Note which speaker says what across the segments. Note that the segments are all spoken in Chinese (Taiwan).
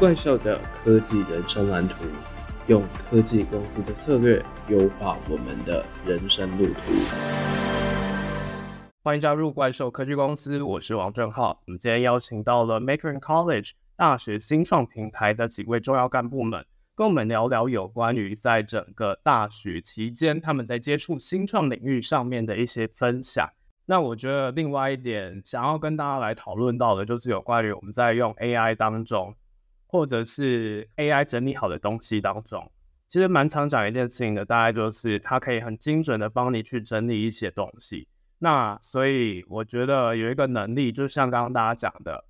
Speaker 1: 怪獸的科技人生藍圖，用科技公司的策略優化我們的人生路途。歡迎加入怪獸科技公司，我是王正浩。我們今天邀請到了 Maker in College 大學新創平台的幾位重要幹部們，跟我們聊聊有關於在整個大學期間他們在接觸新創領域上面的一些分享。那我覺得另外一點想要跟大家來討論到的，就是有關於我們在用 AI 當中。或者是 AI 整理好的東西當中，其實蠻常講一件事情的，大概就是它可以很精準的幫你去整理一些東西。那所以我覺得有一個能力，就是像剛剛大家講的，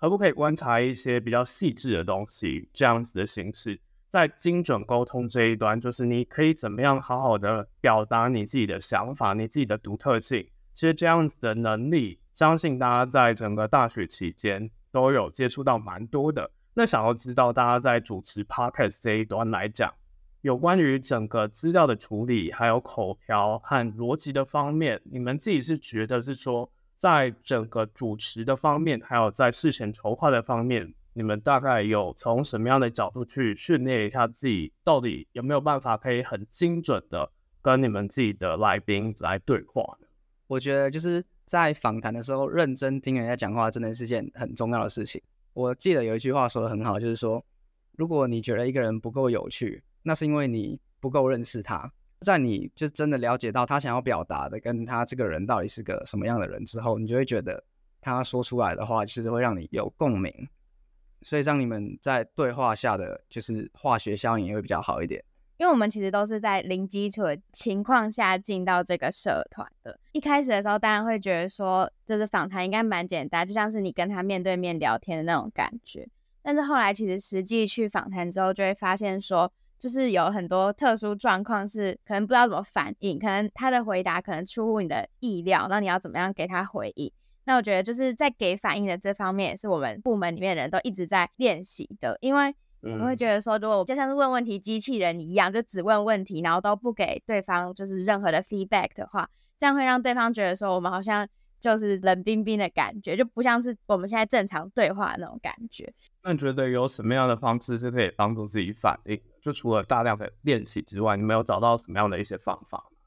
Speaker 1: 可不可以觀察一些比較細緻的東西，這樣子的形式，在精準溝通這一端，就是你可以怎麼樣好好的表達你自己的想法，你自己的獨特性。其實這樣子的能力，相信大家在整個大學期間都有接觸到蠻多的。那想要知道大家在主持 podcast 這一端來講，有關於整個資料的處理，還有口條和邏輯的方面，你們自己是覺得是說，在整個主持的方面，還有在事前籌劃的方面，你們大概有從什麼樣的角度去訓練一下自己，到底有沒有辦法可以很精準的跟你們自己的來賓來對話？我覺得就
Speaker 2: 是在訪談的時候認真聽人家講話，真的是件很重要的事情。我記得有一句話說得很好，就是說，如果你覺得一個人不夠有趣，那是因為你不夠認識他。在你就真的了解到他想要表達的，跟他這個人到底是個什麼樣的人之後，你就會覺得他說出來的話就是會讓你有共鳴，所以讓你們在對話下的就是化學效應也會比較好一點。
Speaker 3: 因為我們其實都是在零基礎的情況下進到這個社團的，一開始的時候當然會覺得說，就是訪談應該蠻簡單，就像是你跟他面對面聊天的那種感覺。但是後來其實實際去訪談之後，就會發現說，就是有很多特殊狀況是可能不知道怎麼反應，可能他的回答可能出乎你的意料，那你要怎麼樣給他回應？那我覺得就是在給反應的這方面，是我們部門裡面的人都一直在練習的，因為。我會覺得說，如果就像是問問題機器人一樣，就只問問題，然後都不給對方就是任何的 feedback 的話，這樣會讓對方覺得說我們好像就是冷冰冰的感覺，就不像是我們現在正常對話那種感覺。
Speaker 1: 那你覺得有什麼樣的方式是可以幫助自己反應？就除了大量的練習之外，你沒有找到什麼樣的一些方法嗎？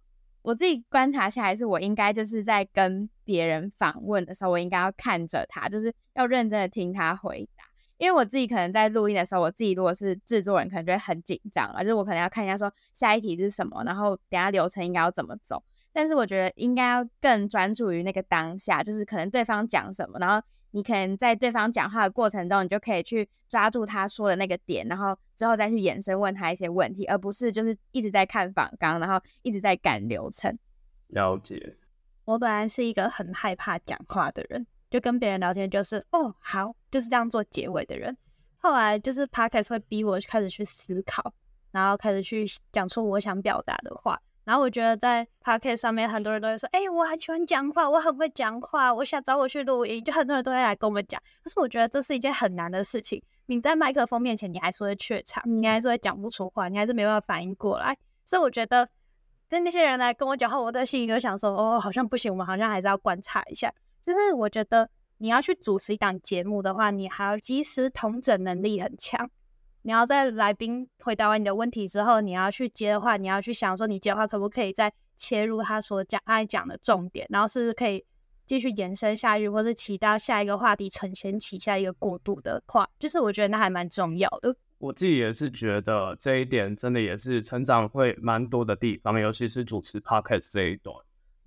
Speaker 3: 我自己觀察下來，是我應該就是在跟別人訪問的時候，我應該要看着他，就是要認真的聽他回答。因為我自己可能在錄音的時候，我自己如果是製作人，可能就會很緊張，而就是我可能要看一下說下一題是什麼，然後等下流程應該要怎麼走。但是我覺得應該要更專注於那個當下，就是可能對方講什麼，然後你可能在對方講話的過程中，你就可以去抓住他說的那個點，然後之後再去延伸問他一些問題，而不是就是一直在看訪綱，然後一直在趕流程。
Speaker 1: 了解。
Speaker 3: 我本來是一
Speaker 4: 個很害怕講話的人。就跟別人聊天就是哦、好，就是這樣做結尾的人。後來就是 Podcast 會逼我開始去思考，然後開始去講出我想表達的話。然後我覺得在 Podcast 上面很多人都會說，哎、欸，我很喜歡講話，我很會講話，我想找我去錄音。就很多人都會來跟我們講。可是我覺得這是一件很難的事情。你在麥克風面前你還，你還說的怯場，你還說講不出話，你還是沒辦法反應過來。所以我覺得，跟那些人來跟我講話，我的心裡就想說，哦，好像不行，我們好像還是要觀察一下。就是我覺得你要去主持一檔節目的話，你還要及時統整能力很強。你要在來賓回答完你的問題之後，你要去接的話，你要去想說你接的話可不可以再切入他所講他講的重點，然後是不是可以繼續延伸下去，或是起到下一個話題，呈現起下一個過渡的話，就是我覺得那還蠻重要的。
Speaker 1: 我自己也是覺得這一點真的也是成長會蠻多的地方，尤其是主持 podcast 這一段。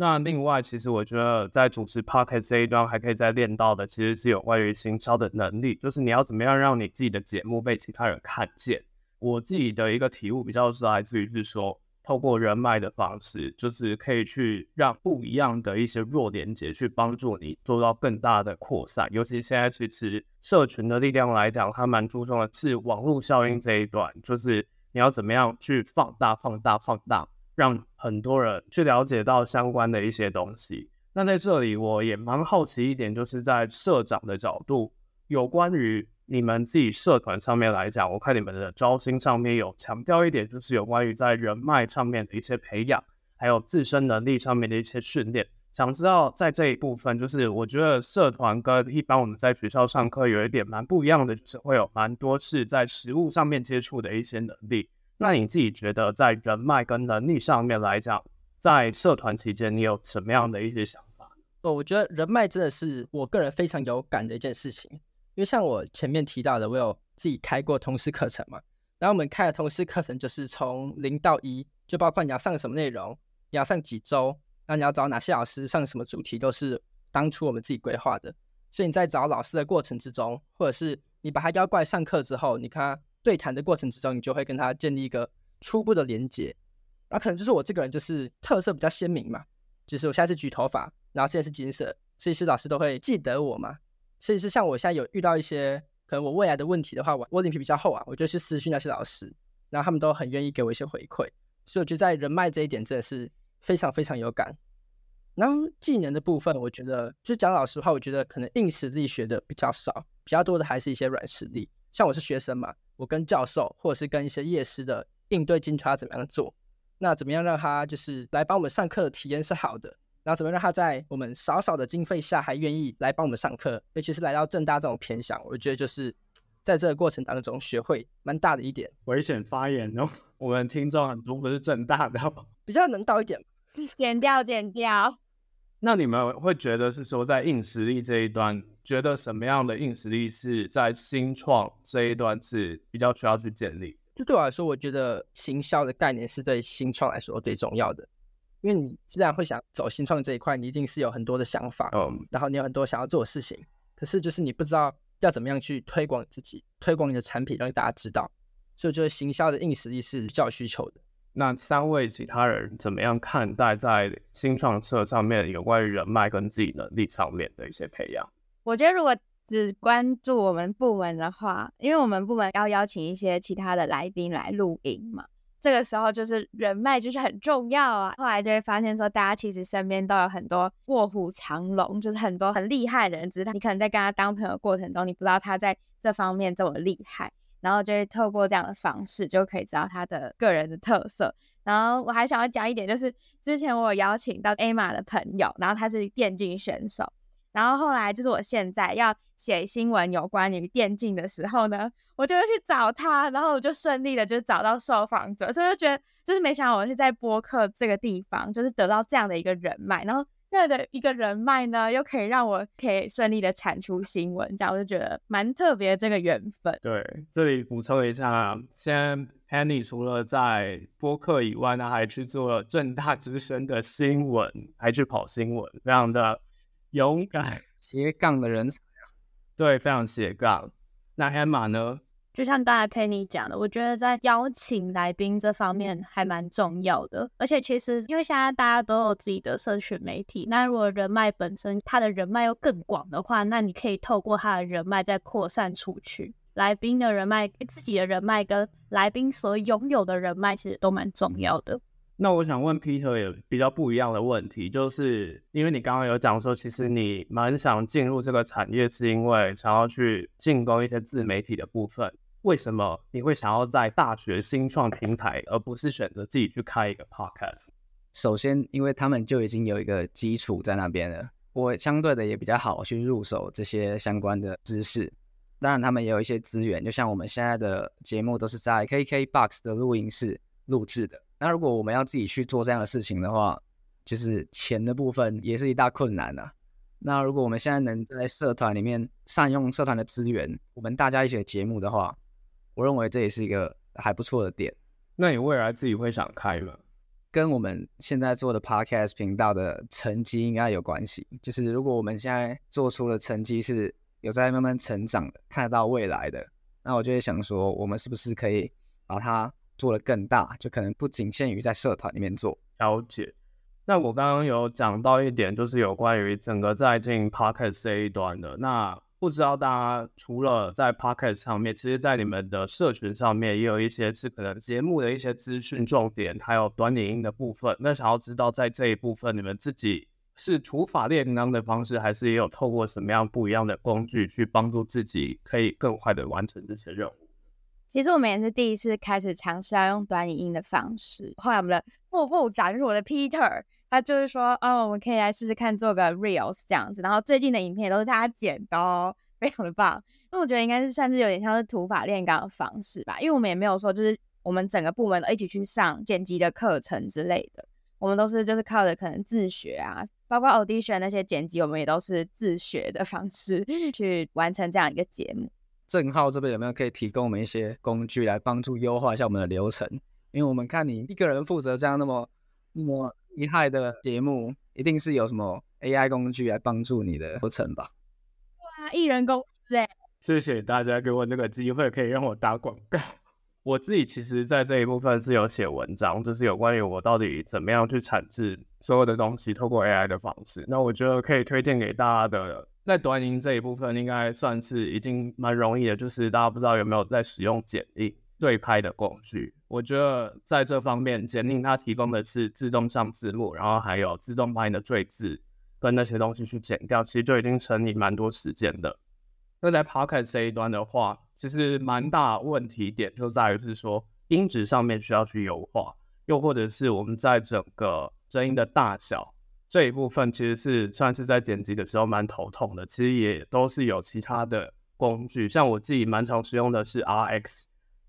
Speaker 1: 那另外，其實我覺得在主持 podcast 這一段還可以再練到的，其實是有關於行銷的能力，就是你要怎麼樣讓你自己的節目被其他人看見。我自己的一個體悟比較是來自於是說，透過人脈的方式，就是可以去讓不一樣的一些弱連接去幫助你做到更大的擴散。尤其現在其實社群的力量來講，還蠻注重的是網絡效應這一段，就是你要怎麼樣去放大、放大、放大。讓很多人去了解到相關的一些東西。那在這裡，我也蠻好奇一點，就是在社長的角度，有關於你們自己社團上面來講，我看你們的招新上面有強調一點，就是有關於在人脈上面的一些培養，還有自身能力上面的一些訓練。想知道在這一部分，就是我覺得社團跟一般我們在學校上課有一點蠻不一樣的，就是會有蠻多是在實務上面接觸的一些能力。那你自己覺得在人脈跟能力上面來講，在社團期間你有什麼樣的一些想法？
Speaker 5: 哦，我覺得人脈真的是我個人非常有感的一件事情，因為像我前面提到的，我有自己開過通識課程嘛，然後我們開的通識課程就是從零到一，就包括你要上什麼內容，你要上幾周，那你要找哪些老師上什麼主題都是當初我們自己規劃的，所以你在找老師的過程之中，或者是你把他邀過來上課之後，你看。對談的過程之中，你就會跟他建立一個初步的連接。那可能就是我這個人就是特色比較鮮明嘛，就是我現在是舉頭髮，然後現在是金色，所以是老師都會記得我嘛。所以是像我現在有遇到一些可能我未來的問題的話，我我臉皮比較厚啊，我就去私訊那些老師，然後他們都很願意給我一些回饋。所以我覺得在人脈這一點真的是非常非常有感。然後技能的部分，我覺得就是講老實話，我覺得可能硬實力學的比較少，比較多的還是一些軟實力。像我是學生嘛。我跟教授，或者是跟一些業師的應對進退要怎麼樣做？那怎麼樣讓他就是來幫我們上課的體驗是好的？然後怎麼讓他在我們少少的經費下還願意來幫我們上課？尤其是來到政大這種偏向，我覺得就是在這個過程當中學會蠻大的一點。
Speaker 1: 危險發言哦。我們聽眾很多不是政大的，
Speaker 5: 比較能到一點，剪掉剪掉。
Speaker 1: 那你們會覺得是說在硬實力這一端？覺得什麼樣的硬實力是在新創這一段是比較需要去建立？
Speaker 5: 就對我來說，我覺得行銷的概念是對新創來說最重要的。因為你既然會想走新創這一塊，你一定是有很多的想法，嗯，然後你有很多想要做的事情。可是就是你不知道要怎麼樣去推廣自己，推廣你的產品，讓大家知道。所以就是行銷的硬實力是比較需求的。
Speaker 1: 那三位其他人怎麼樣看待在新創社上面有關於人脈跟自己能力上面的一些培養？
Speaker 3: 我覺得如果只關注我們部門的話，因為我們部門要邀請一些其他的來賓來錄音嘛，這個時候就是人脈就是很重要啊。後來就會發現說，大家其實身邊都有很多臥虎藏龍，就是很多很厲害的人，只是你可能在跟他當朋友過程中，你不知道他在這方面這麼厲害，然後就會透過這樣的方式就可以知道他的個人的特色。然後我還想要講一點，就是之前我有邀請到 Emma 的朋友，然後他是電競選手。然後後來就是我現在要寫新聞有關於電競的時候呢，我就會去找他，然後我就順利的就找到受訪者，所以就覺得就是沒想到我是在播客這個地方，就是得到這樣的一個人脈，然後這樣的一個人脈呢，又可以讓我可以順利的產出新聞，這樣我就覺得蠻特別的這個緣
Speaker 1: 分。對，這裡補充一下，現在 Pany 除了在播客以外呢，還去做政大之聲的新聞，還去跑新聞這樣的。勇敢斜槓的人才，對，非常斜槓。那 Emma 呢？
Speaker 4: 就像剛才 Pany 講的，我覺得在邀請來賓這方面還蠻重要的。而且其實，因為現在大家都有自己的社群媒體，那如果人脈本身他的人脈又更廣的話，那你可以透過他的人脈再擴散出去。來賓的人脈、自己的人脈跟來賓所擁有的人脈，其實都蠻重要
Speaker 1: 的。那我想問 Peter 也比較不一樣的問題，就是因為你剛剛有講說，其實你蠻想進入這個產業，是因為想要去進攻一些自媒體的部分。為什麼你會想要在大學新創平台，而不是選擇自
Speaker 2: 己去開一個 Podcast？首先，因為他們就已經有一個基礎在那邊了，我相對的也比較好去入手這些相關的知識。當然，他們也有一些資源，就像我們現在的節目都是在 KKBOX 的錄音室錄製的。那如果我們要自己去做這樣的事情的話，就是錢的部分也是一大困難的啊。那如果我們現在能在社團裡面善用社團的資源，我們大家一起的節目的話，我認為這也是一個還不錯的點。那你未來自己會想開嗎？跟我們現在做的 Podcast 頻道的成績應該有關係。就是如果我們現在做出的成績是有在慢慢成長的，看得到未來的，那我就會想說，我們是不是可以把它。做得更大，就可能不僅限
Speaker 1: 於在社團裡面做。了解。那我剛剛有講到一點，就是有關於整個在進 Podcast 這一端的。那不知道大家除了在 Podcast 上面，其實，在你們的社群上面也有一些是可能節目的一些資訊重點，還有短影音的部分。那想要知道在這一部分，你們自己是土法煉鋼的方式，還是也有透過什麼樣不一樣的工具去幫助自己可以更快地完成這些任務？
Speaker 3: 其實我們也是第一次開始嘗試要用短影音，音的方式。後來我們的副部，部長就是我的 Peter，他就是說，哦，我們可以來試試看做個 Reels 這樣子。然後最近的影片，都是大家剪的哦，非常的棒。那我覺得應該是算是有點像是土法煉鋼的方式吧，因為我們也沒有說就是我們整個部門都一起去上剪輯的課程之類的。我們都是就是靠着可能自學啊，包括 Audition 那些剪輯，我們也都是自學的方式 去完成這樣一個節目。
Speaker 2: 正浩，這邊有沒有可以提供我們一些工具來幫助優化一下我們的流程？因為我們看你一個人負責這樣，那麼那麼厲害的節目，一定是有什麼 AI 工具
Speaker 1: 來幫助你的流程吧？
Speaker 3: 對啊，一人公司哎、
Speaker 1: 欸，謝謝大家給我那個機會可以讓我打廣告。我自己其實在這一部分是有寫文章，就是有關於我到底怎麼樣去產制所有的東西，透過 AI 的方式。那我覺得可以推薦給大家的。在短音這一部分，應該算是已經蠻容易的。就是大家不知道有沒有在使用剪映對拍的工具？我覺得在這方面，剪映它提供的是自動上字幕，然後還有自動把你的贅字跟那些東西去剪掉，其實就已經省你蠻多時間的。那在 Pocket 這一端的話，其實蠻大問題點就在於是說音質上面需要去優化，又或者是我們在整個聲音的大小。這一部分其實是算是在剪輯的時候蠻頭痛的，其實也都是有其他的工具，像我自己蠻常使用的是 RX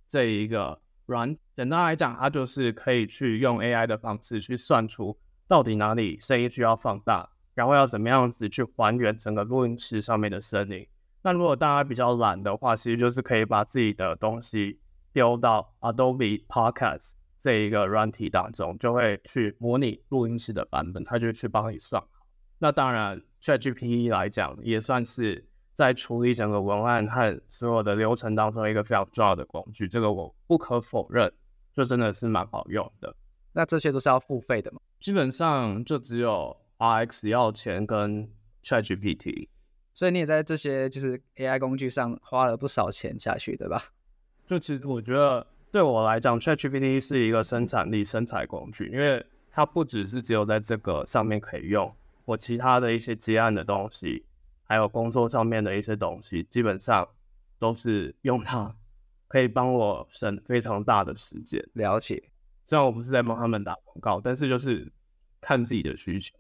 Speaker 1: 這一個軟，簡單來講，它就是可以去用 AI 的方式去算出到底哪裡聲音需要放大，然後要怎麼樣子去還原整個錄音室上面的聲音。那如果大家比較懶的話，其實就是可以把自己的東西丟到 Adobe Podcast。這一個軟體當中，就會去模擬錄音室的版本，它就去幫你算。那當然，ChatGPT 來講，也算是在處理整個文案和所有的流程當中一個非常重要的工具。這個我不可否認，就真的是蠻好用的。那這些都是要付費的嘛？基本上就只有 RX 要錢跟 ChatGPT， 所以你也在這些就
Speaker 2: 是 AI 工具上花了不少錢下去，對吧？
Speaker 1: 就其實我覺得。對我來講，ChatGPT 是一個生產力生產工具，因為它不只是只有在這個上面可以用，我其他的一些接案的東西，還有工作上面的一些東西，基本上都是用它，可以幫我省非常大的時間。了解，雖然我不是在幫他們打廣告，但是就是看自己的需求。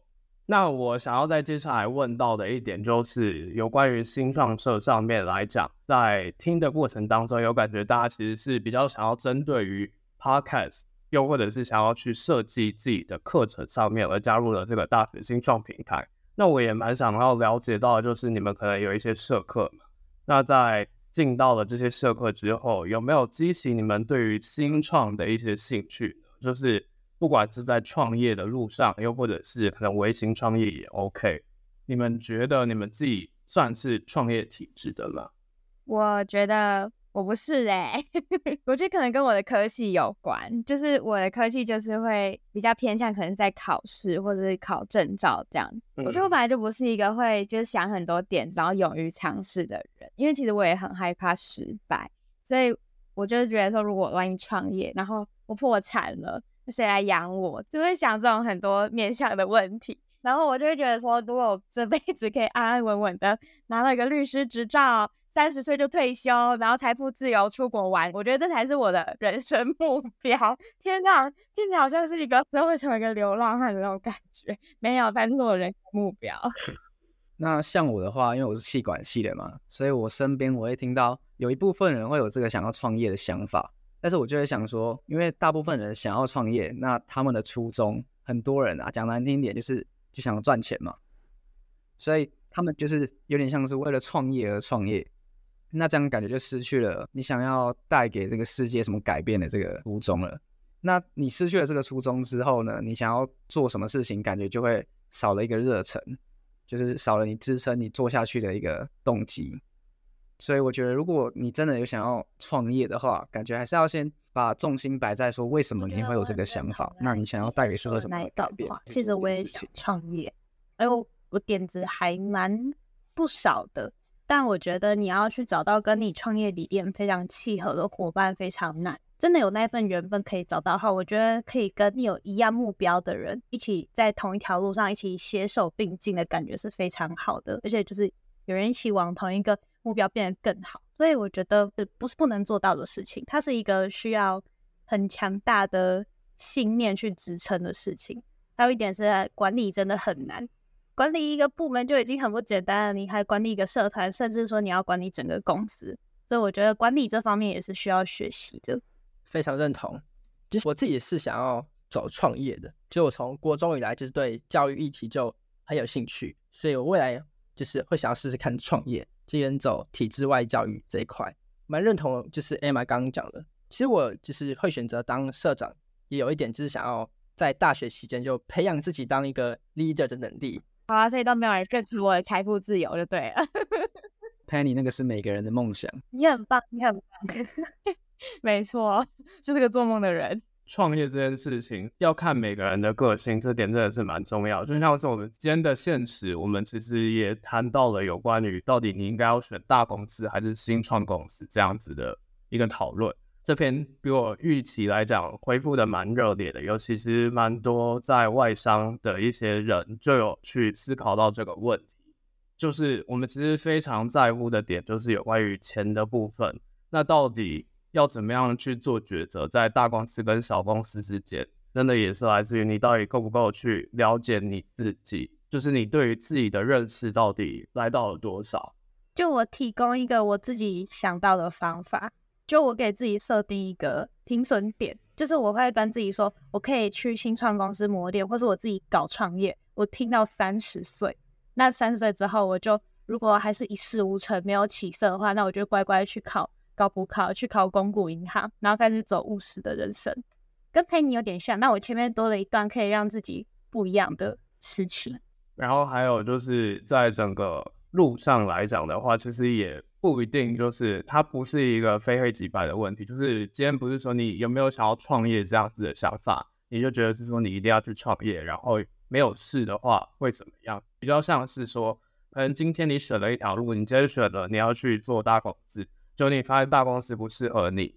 Speaker 1: 那我想要在接下來問到的一點，就是有關於新創社上面來講，在聽的過程當中，有感覺大家其實是比較想要針對於 Podcast，又或者是想要去設計自己的課程上面而加入了這個大學新創平台。那我也蠻想要了解到，就是你們可能有一些社課嘛，那在進到了這些社課之後，有沒有激起你們對於新創的一些興趣呢？就是。不管是在創業的路上，又或者是可能微型創業也 OK，你們覺得你們自己算是創業體制的了？
Speaker 3: 我覺得我不是嘞、欸， 我覺得可能跟我的科系有關，就是我的科系就是會比較偏向可能是在考試或者是考證照這樣、嗯。我覺得我本來就不是一個會就是想很多點，然後勇於嘗試的人，因為其實我也很害怕失敗，所以我就是覺得說，如果萬一創業，然後我破產了。誰來養我？就會想這種很多面向的問題，然後我就會覺得說，如果我這輩子可以安安穩穩的拿到一個律師執照，三十歲就退休，然後財富自由，出國玩，我覺得這才是我的人生目標。天哪，聽起來好像是一個都會成為一個流浪漢的那種感覺，沒有，但是我的人生目標。
Speaker 2: 那像我的話，因為我是企管系的嘛，所以我身邊我會聽到有一部分人會有這個想要創業的想法。但是我就會想說，因為大部分人想要創業，那他們的初衷，很多人啊講難聽一點就是就想賺錢嘛，所以他們就是有點像是為了創業而創業，那這樣感覺就失去了你想要帶給這個世界什麼改變的這個初衷了。那你失去了這個初衷之後呢，你想要做什麼事情，感覺就會少了一個熱忱，就是少了你支撐你做下去的一個動機。所以我覺得，如果你真的有想要創業的話，感覺還是要先把重心擺在說為什麼你會有這個想法，那你，你想要帶給社會什麼改
Speaker 4: 變？其實我也想創業，哎呦，我點子還蠻不少的，但我覺得你要去找到跟你創業理念非常契合的夥伴非常難。真的有那份緣分可以找到的話，我覺得可以跟你有一樣目標的人一起在同一條路上一起攜手並進的感覺是非常好的，而且就是有人一起往同一個。目標變得更好，所以我覺得這不是不能做到的事情，它是一個需要很強大的信念去支撐的事情。還有一點是管理真的很難，管理一個部門就已經很不簡單了，你還管理一個社團，甚至說你要管理整個公司，所以我覺得管理
Speaker 5: 這方面也是需要學習的。非常認同，就是我自己是想要走創業的，就我從國中以來就是對教育議題就很有興趣，所以我未來就是會想要試試看創業。支援走體制外教育這一塊，蠻認同，就是 Emma 剛剛講的。其實我就是會選擇當社長，也有一點就是想要在大學期間就培養自己當一個 leader 的能力。
Speaker 3: 好啊，所以都沒有人支持我的財富自由，就對
Speaker 2: 了。Pany 那個是每個人的夢想。
Speaker 3: 你很棒，你很棒。 沒錯，就是個做夢的人。
Speaker 1: 創業這件事情要看每個人的個性，這點真的是蠻重要的。就像是我們今天的現實，我們其實也談到了有關於到底你應該要選大公司還是新創公司這樣子的一個討論。這篇比我預期來講回覆得蠻熱烈的，尤其是蠻多在外商的一些人就有去思考到這個問題。就是我們其實非常在乎的點，就是有關於錢的部分。那到底要怎麼樣去做抉擇，在大公司跟小公司之間，真的也是來自於你到底夠不夠去了解你自己，就是你對於自己的認識到底來到了多少。
Speaker 4: 就我提供一個我自己想到的方法，就我給自己設定一個停損點，就是我會跟自己說，我可以去新創公司磨練，或是我自己搞創業。我聽到三十歲，那三十歲之後，我就如果還是一事無成、沒有起色的話，那我就乖乖去考普考補考去考公股銀行，然後開始走務實的人生，跟佩妮有點像。那我前面多了一段可以讓自己不一樣的
Speaker 1: 事情。然後還有就是在整個路上來講的話，其實也不一定就是它不是一個非黑即白的問題。就是今天不是說你有沒有想要創業這樣子的想法，你就覺得是說你一定要去創業，然後沒有事的話會怎麼樣？比較像是說，可能今天你選了一條路，你今天選了你要去做大公司。就你發現大公司不適合你，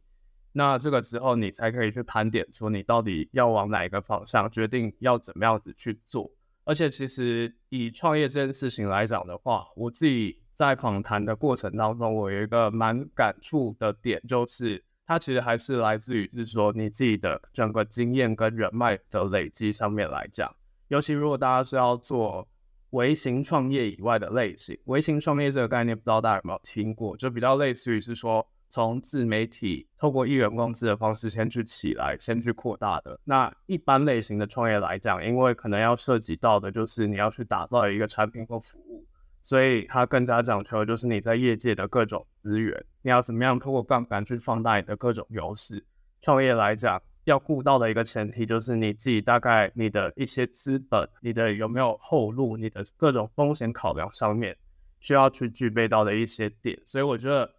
Speaker 1: 那這個之後，你才可以去盤點出你到底要往哪一個方向，決定要怎麼樣子去做。而且其實以創業這件事情來講的話，我自己在訪談的過程當中，我有一個蠻感觸的點，就是它其實還是來自於就是說你自己的整個經驗跟人脈的累積上面來講。尤其如果大家是要做。微型創業以外的類型，微型創業這個概念不知道大家有沒有聽過，就比較類似於是說，從自媒體透過一元工資的方式先去起來，先去擴大的。那一般類型的創業來講，因為可能要涉及到的就是你要去打造一個產品或服務，所以它更加講求的就是你在業界的各種資源，你要怎麼樣透過槓桿去放大你的各種優勢。創業來講，要顧到的一個前提就是你自己大概你的一些資本、你的有沒有後路、你的各種風險考量上面，需要去具備到的一些點。所以我覺得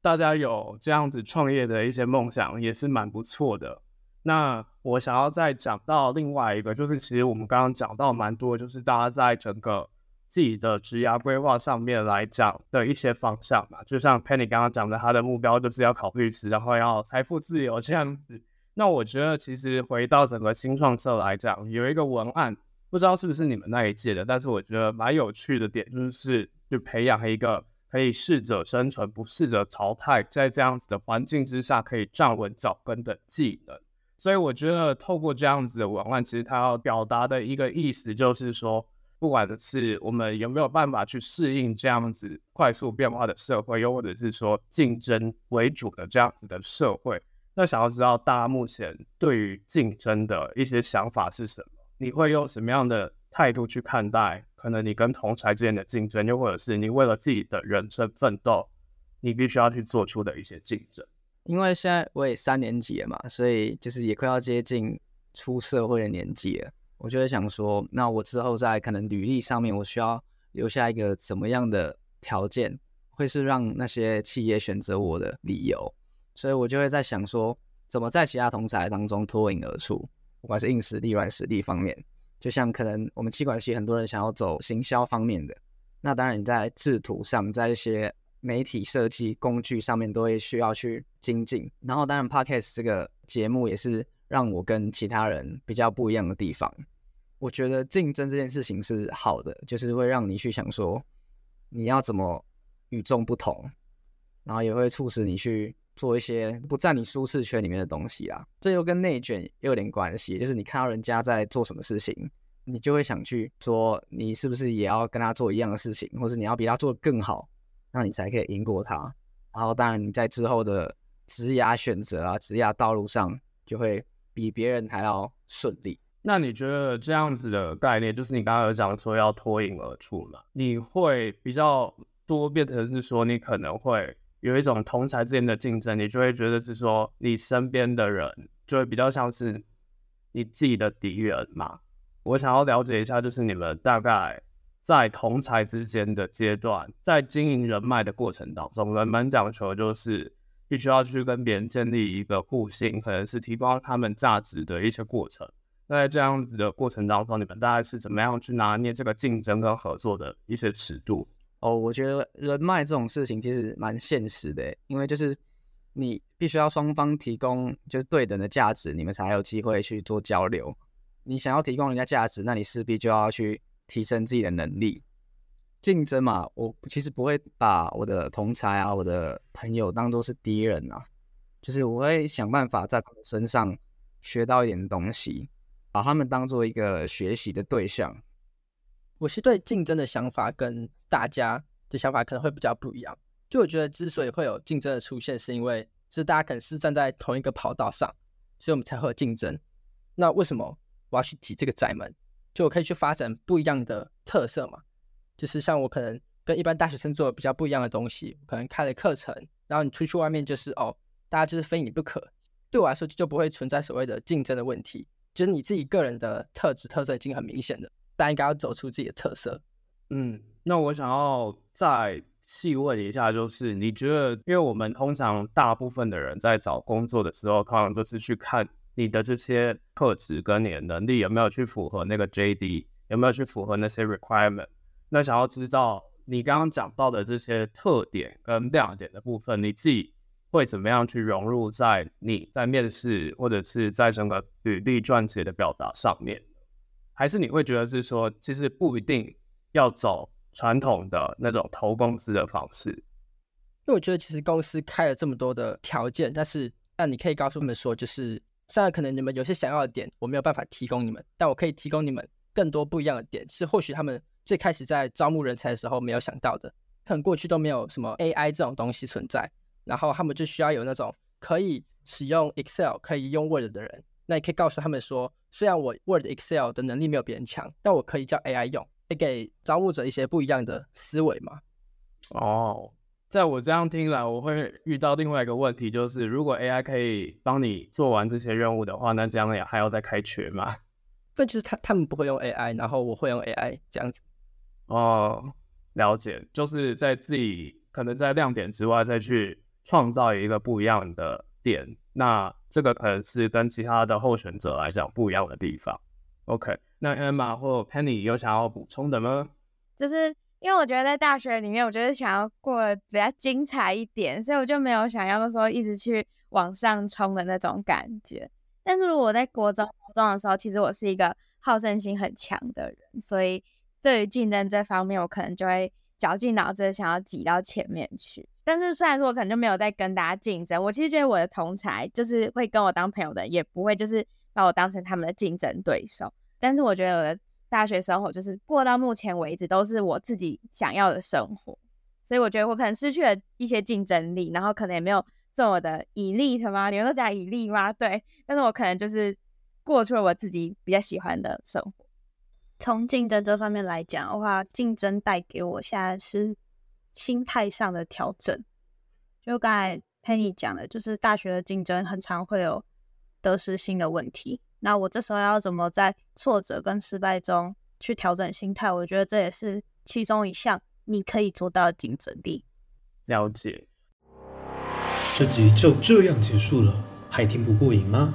Speaker 1: 大家有這樣子創業的一些夢想也是蠻不錯的。那我想要再講到另外一個，就是其實我們剛剛講到蠻多，就是大家在整個自己的職業規劃上面來講的一些方向吧，就像 Pany 剛剛講的，他的目標就是要考律師，然後要財富自由這樣子。那我覺得，其實回到整個新創社來講，有一個文案，不知道是不是你們那一屆的，但是我覺得蠻有趣的點，就是，就是去培養一個可以適者生存、不適者淘汰，在這樣子的環境之下可以站穩腳跟的技能。所以我覺得，透過這樣子的文案，其實它要表達的一個意思，就是說，不管是我們有沒有辦法去適應這樣子快速變化的社會，又或者是說競爭為主的這樣子的社會。那想要知道大家目前對於競爭的一些想法是什麼？你會用什麼樣的態度去看待？可能你跟同儕之間的競爭，又或者是你為了自己的人生奮鬥，你必須要去做出的一些競爭。
Speaker 2: 因為現在我也三年級了嘛，所以就是也快要接近出社會的年紀了。我就會想說，那我之後在可能履歷上面，我需要留下一個怎麼樣的條件，會是讓那些企業選擇我的理由。所以我就會在想說，怎麼在其他同儕當中脫穎而出，不管是硬實力、軟實力方面，就像可能我們企管系很多人想要走行銷方面的，那當然你在製圖上，在一些媒體設計工具上面都會需要去精進。然後當然，Podcast 這個節目也是讓我跟其他人比較不一樣的地方。我覺得競爭這件事情是好的，就是會讓你去想說，你要怎麼與眾不同，然後也會促使你去。做一些不在你舒適圈裡面的東西啊，這又跟內捲有點關係。就是你看到人家在做什麼事情，你就會想去說，你是不是也要跟他做一樣的事情，或是你要比他做得更好，那你才可以贏過他。然後，當然你在之後的
Speaker 1: 職涯選擇啊、職涯道路上，就會比別人還要順利。那你覺得這樣子的概念，就是你剛剛有講說要脫穎而出嘛？你會比較多變成是說，你可能會。有一種同儕之間的競爭，你就會覺得是說你身邊的人就會比較像是你自己的敵人嘛。我想要了解一下，就是你們大概在同儕之間的階段，在經營人脈的過程當中，人們講求的就是必須要去跟別人建立一個互信，可能是提高他們價值的一些過程。那在這樣子的過程當中，你們大概是怎麼樣去拿捏這個競爭跟合作的一些尺度？哦，我覺得人脈這種事情其實蠻現實的，因為就是
Speaker 2: 你必須要雙方提供就是對等的價值，你們才有機會去做交流。你想要提供人家價值，那你勢必就要去提升自己的能力。競爭嘛，我其實不會把我的同儕啊、我的朋友當作是敵人啊，就是我會想辦法在他們身上學到一點東西，把他們當做一個學習的對象。
Speaker 5: 我是對競爭的想法跟大家的想法可能會比較不一樣。就我覺得，之所以會有競爭的出現，是因為是大家可能是站在同一個跑道上，所以我們才會有競爭。那為什麼我要去擠這個窄門？就我可以去發展不一樣的特色嘛？就是像我可能跟一般大學生做的比較不一樣的東西，可能開了課程，然後你出去外面就是哦，大家就是非你不可。對我來說，就不會存在所謂的競爭的問題，就是你自己個人的特質特色已經很明顯了。但應該要走出自己的特色。嗯，
Speaker 1: 那我想要再細問一下，就是你覺得，因為我們通常大部分的人在找工作的時候，通常都是去看你的這些特質跟你的能力有沒有去符合那個 JD，有沒有去符合那些 requirement。那想要知道你剛剛講到的這些特點跟亮點的部分，你自己會怎麼樣去融入在你在面試或者是在整個履歷撰寫的表達上面？還是你會覺得是說，其實不一定要走傳統的那種投公司的方式。因
Speaker 5: 為我覺得其實公司開了這麼多的條件，但是但你可以告訴他們說，就是雖然可能你們有些想要的點我沒有辦法提供你們，但我可以提供你們更多不一樣的點，是或許他們最開始在招募人才的時候沒有想到的，可能過去都沒有什麼 AI 這種東西存在，然後他們就需要有那種可以使用 Excel、可以用 Word 的人。那也可以告訴他們說，雖然我 Word、Excel 的能力沒有別人強，但我可以叫 AI 用，也給招募者一些不一樣的
Speaker 1: 思維嘛。哦，在我這樣聽來，我會遇到另外一個問題，就是如果 AI 可以幫你做完這些任務的話，那這樣也還要再開群嗎？但就是他他們不會用 AI，然後我會用 AI 這樣子。哦，了解，就是在自己可能在亮點之外，再去創造一個不一樣的點，那這個可能是跟其他的候選者來講不一樣的地方。OK，那 Emma 或 Pany 有想要補充的嗎？
Speaker 3: 就是因為我覺得在大學裡面，我覺得想要過得比較精彩一點，所以我就沒有想要說一直去往上衝的那種感覺。但是如果我在國中、高中的時候，其實我是一個好勝心很強的人，所以對於競爭這方面，我可能就會絞盡腦汁想要擠到前面去。但是雖然說，我可能就沒有在跟大家競爭。我其實覺得我的同儕，就是會跟我當朋友的，也不會就是把我當成他們的競爭對手。但是我覺得我的大學生活，就是過到目前為止都是我自己想要的生活。所以我覺得我可能失去了一些競爭力，然後可能也沒有這麼的 elite 什麼？你們都講 elite 嗎？對。但是我可能就是過出了我自己比較喜歡的生活。從競爭這方面來講的話，競爭帶給我
Speaker 4: 現在是。心態上的調整，就剛才 Pany 講的，就是大學的競爭很常會有得失心的問題。那我這時候要怎麼在挫折跟失敗中去調整心態？我覺得這也是其中一項你可以做到的競爭力。
Speaker 1: 了解。這集就這樣結束了，還聽不過癮嗎？